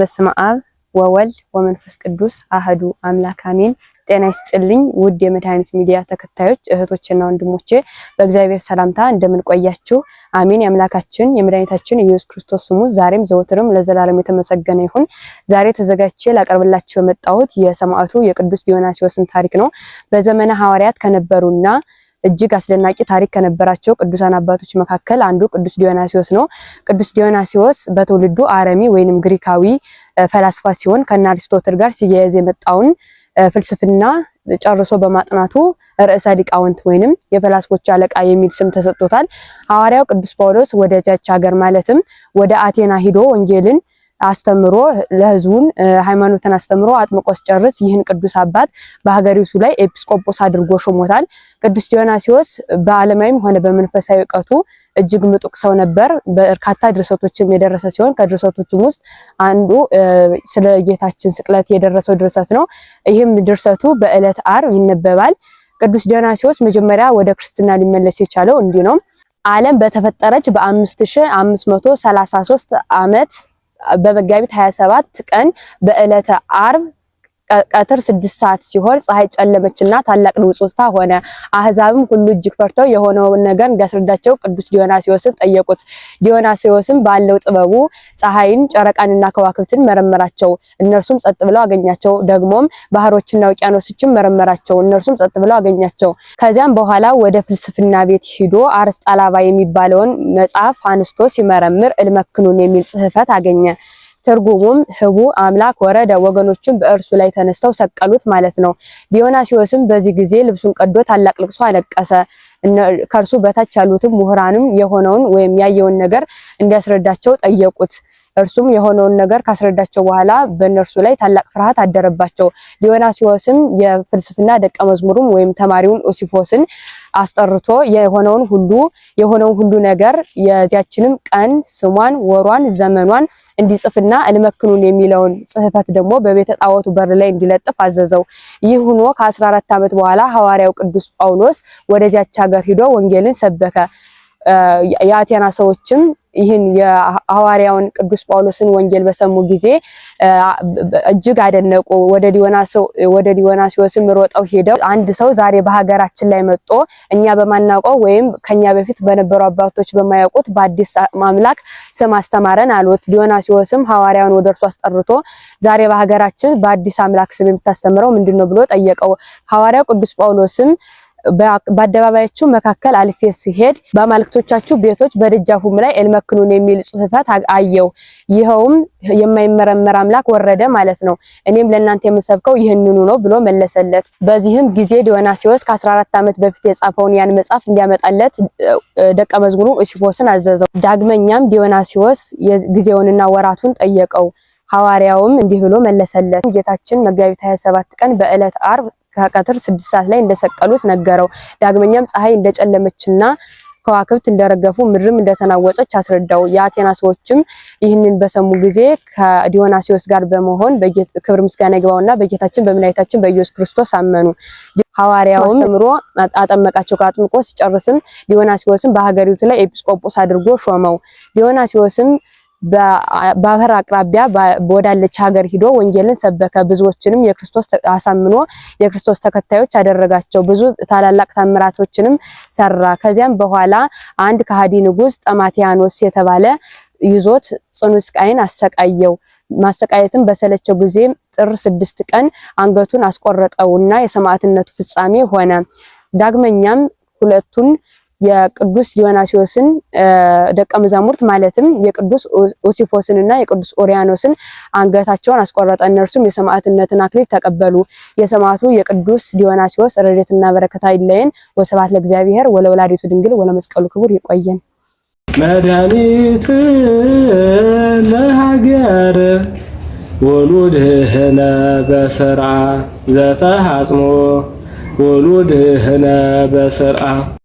በስመ አብ ወወልድ ወመንፈስ ቅዱስ አህዱ አምላክ አሜን። ጤና ይስጥልኝ ውድ የመድኃኒት ሚዲያ ተከታዮች እህቶችና ወንድሞቼ በእግዚአብሔር ሰላምታ እንደምንቆያችሁ አሜን። የአምላካችን የመድኃኒታችን የኢየሱስ ክርስቶስ ስሙ ዛሬም ዘወትርም ለዘላለም የተመሰገነ ይሁን። ዛሬ ተዘጋጅቼ ላቀርብላችሁ የመጣሁት የሰማዕቱ የቅዱስ ዲዮናስዮስን ታሪክ ነው። በዘመነ ሐዋርያት ከነበሩና እጅግ አስደናቂ ታሪክ ከነበራቸው ቅዱሳን አባቶች መካከል አንዱ ቅዱስ ዲዮናሲዎስ ነው። ቅዱስ ዲዮናሲዎስ በትውልዱ አረሚ ወይንም ግሪካዊ ፈላስፋ ሲሆን ከነ አሪስቶትል ጋር ሲያያዝ የመጣውን ፍልስፍና ጨርሶ በማጥናቱ ርዕሰ ሊቃውንት ወይንም የፈላስፎች አለቃ የሚል ስም ተሰጥቶታል። ሐዋርያው ቅዱስ ጳውሎስ ወደዚያች ሀገር ማለትም ወደ አቴና ሂዶ ወንጌልን አስተምሮ ለህዝቡን ሃይማኖትን አስተምሮ አጥምቆ ሲጨርስ ይህን ቅዱስ አባት በሀገሪቱ ላይ ኤጲስቆጶስ አድርጎ ሾሞታል። ቅዱስ ዲዮናሲዎስ በዓለማዊም ሆነ በመንፈሳዊ እውቀቱ እጅግ ምጡቅ ሰው ነበር። በርካታ ድርሰቶችም የደረሰ ሲሆን ከድርሰቶችም ውስጥ አንዱ ስለ ጌታችን ስቅለት የደረሰው ድርሰት ነው። ይህም ድርሰቱ በዕለት አር ይነበባል። ቅዱስ ዲዮናሲዎስ መጀመሪያ ወደ ክርስትና ሊመለስ የቻለው እንዲህ ነው። ዓለም በተፈጠረች በ5533 ዓመት በመጋቢት 27 ቀን በዕለተ አርብ ቀትር ስድስት ሰዓት ሲሆን ፀሐይ ጨለመችና ታላቅ ንውጽውጽታ ሆነ። አህዛብም ሁሉ እጅግ ፈርተው የሆነውን ነገር እንዲያስረዳቸው ቅዱስ ዲዮናስዮስን ጠየቁት። ዲዮናስዮስም ባለው ጥበቡ ፀሐይን፣ ጨረቃንና ከዋክብትን መረመራቸው። እነርሱም ጸጥ ብለው አገኛቸው። ደግሞም ባህሮችና ውቅያኖሶችን መረመራቸው። እነርሱም ጸጥ ብለው አገኛቸው። ከዚያም በኋላ ወደ ፍልስፍና ቤት ሂዶ አርስጣላባ የሚባለውን መጽሐፍ አንስቶ ሲመረምር እልመክኑን የሚል ጽህፈት አገኘ። ትርጉሙም ህቡ አምላክ ወረደ ወገኖችም በእርሱ ላይ ተነስተው ሰቀሉት ማለት ነው። ዲዮናሲዮስም በዚህ ጊዜ ልብሱን ቀዶ ታላቅ ልቅሶ አለቀሰ። ከእርሱ በታች ያሉትም ምሁራንም የሆነውን ወይም ያየውን ነገር እንዲያስረዳቸው ጠየቁት። እርሱም የሆነውን ነገር ካስረዳቸው በኋላ በእነርሱ ላይ ታላቅ ፍርሃት አደረባቸው። ዲዮናሲዎስም የፍልስፍና ደቀ መዝሙሩም ወይም ተማሪውን ኦሲፎስን አስጠርቶ የሆነውን ሁሉ የሆነውን ሁሉ ነገር የዚያችንም ቀን ስሟን፣ ወሯን፣ ዘመኗን እንዲጽፍና እንመክኑን የሚለውን ጽህፈት ደግሞ በቤተ ጣዖቱ በር ላይ እንዲለጥፍ አዘዘው። ይህ ሆኖ ከ14 ዓመት በኋላ ሐዋርያው ቅዱስ ጳውሎስ ወደዚያች ሀገር ሂዶ ወንጌልን ሰበከ። የአቴና ሰዎችም ይህን የሐዋርያውን ቅዱስ ጳውሎስን ወንጌል በሰሙ ጊዜ እጅግ አደነቁ። ወደ ዲዮናስዮስም ሮጠው ሄደው አንድ ሰው ዛሬ በሀገራችን ላይ መጦ እኛ በማናውቀው ወይም ከኛ በፊት በነበሩ አባቶች በማያውቁት በአዲስ ማምላክ ስም አስተማረን አሉት። ዲዮናስዮስም ሐዋርያውን ወደ እርሱ አስጠርቶ ዛሬ በሀገራችን በአዲስ አምላክ ስም የምታስተምረው ምንድን ነው ብሎ ጠየቀው። ሐዋርያው ቅዱስ ጳውሎስም በአደባባያችሁ መካከል አልፌ ሲሄድ በአማልክቶቻችሁ ቤቶች በደጃፉም ላይ እልመክኑን የሚል ጽሕፈት አየው። ይኸውም የማይመረመር አምላክ ወረደ ማለት ነው። እኔም ለእናንተ የምሰብከው ይህንኑ ነው ብሎ መለሰለት። በዚህም ጊዜ ዲዮናሲዎስ ከ14 ዓመት በፊት የጻፈውን ያን መጽሐፍ እንዲያመጣለት ደቀ መዝሙሩ እስፎስን አዘዘው። ዳግመኛም ዲዮናሲዎስ ጊዜውንና ወራቱን ጠየቀው። ሐዋርያውም እንዲህ ብሎ መለሰለት። ጌታችን መጋቢት 27 ቀን በዕለት አርብ ከቀትር ስድስት ሰዓት ላይ እንደሰቀሉት ነገረው። ዳግመኛም ፀሐይ እንደጨለመችና ከዋክብት እንደረገፉ ምድርም እንደተናወጸች አስረዳው። የአቴና ሰዎችም ይህንን በሰሙ ጊዜ ከዲዮናሲዎስ ጋር በመሆን ክብር ምስጋና ይግባውና በጌታችን በመድኃኒታችን በኢየሱስ ክርስቶስ አመኑ። ሐዋርያውም አስተምሮ አጠመቃቸው። ከአጥምቆ ሲጨርስም ዲዮናሲዎስም በሀገሪቱ ላይ ኤጲስቆጶስ አድርጎ ሾመው። ዲዮናሲዎስም በባህር አቅራቢያ ወዳለች ሀገር ሂዶ ወንጌልን ሰበከ። ብዙዎችንም የክርስቶስ አሳምኖ የክርስቶስ ተከታዮች አደረጋቸው። ብዙ ታላላቅ ታምራቶችንም ሰራ። ከዚያም በኋላ አንድ ከሃዲ ንጉስ ጠማቲያኖስ የተባለ ይዞት ጽኑ ስቃይን አሰቃየው። ማሰቃየትም በሰለቸው ጊዜ ጥር ስድስት ቀን አንገቱን አስቆረጠውና የሰማዕትነቱ ፍጻሜ ሆነ። ዳግመኛም ሁለቱን የቅዱስ ዲዮናሲዎስን ደቀ መዛሙርት ማለትም የቅዱስ ኦሲፎስን እና የቅዱስ ኦሪያኖስን አንገታቸውን አስቆረጠ። እነርሱም የሰማዕትነትን አክሊል ተቀበሉ። የሰማዕቱ የቅዱስ ዲዮናሲዎስ ረድኤትና በረከት አይለየን። ወስብሐት ለእግዚአብሔር ወለወላዲቱ ድንግል ወለመስቀሉ ክቡር። ይቆየን። መድኃኒት ለሀገር ወሉድህነ በስርዓ ዘተሃጽሞ ወሉድህነ በስርዓ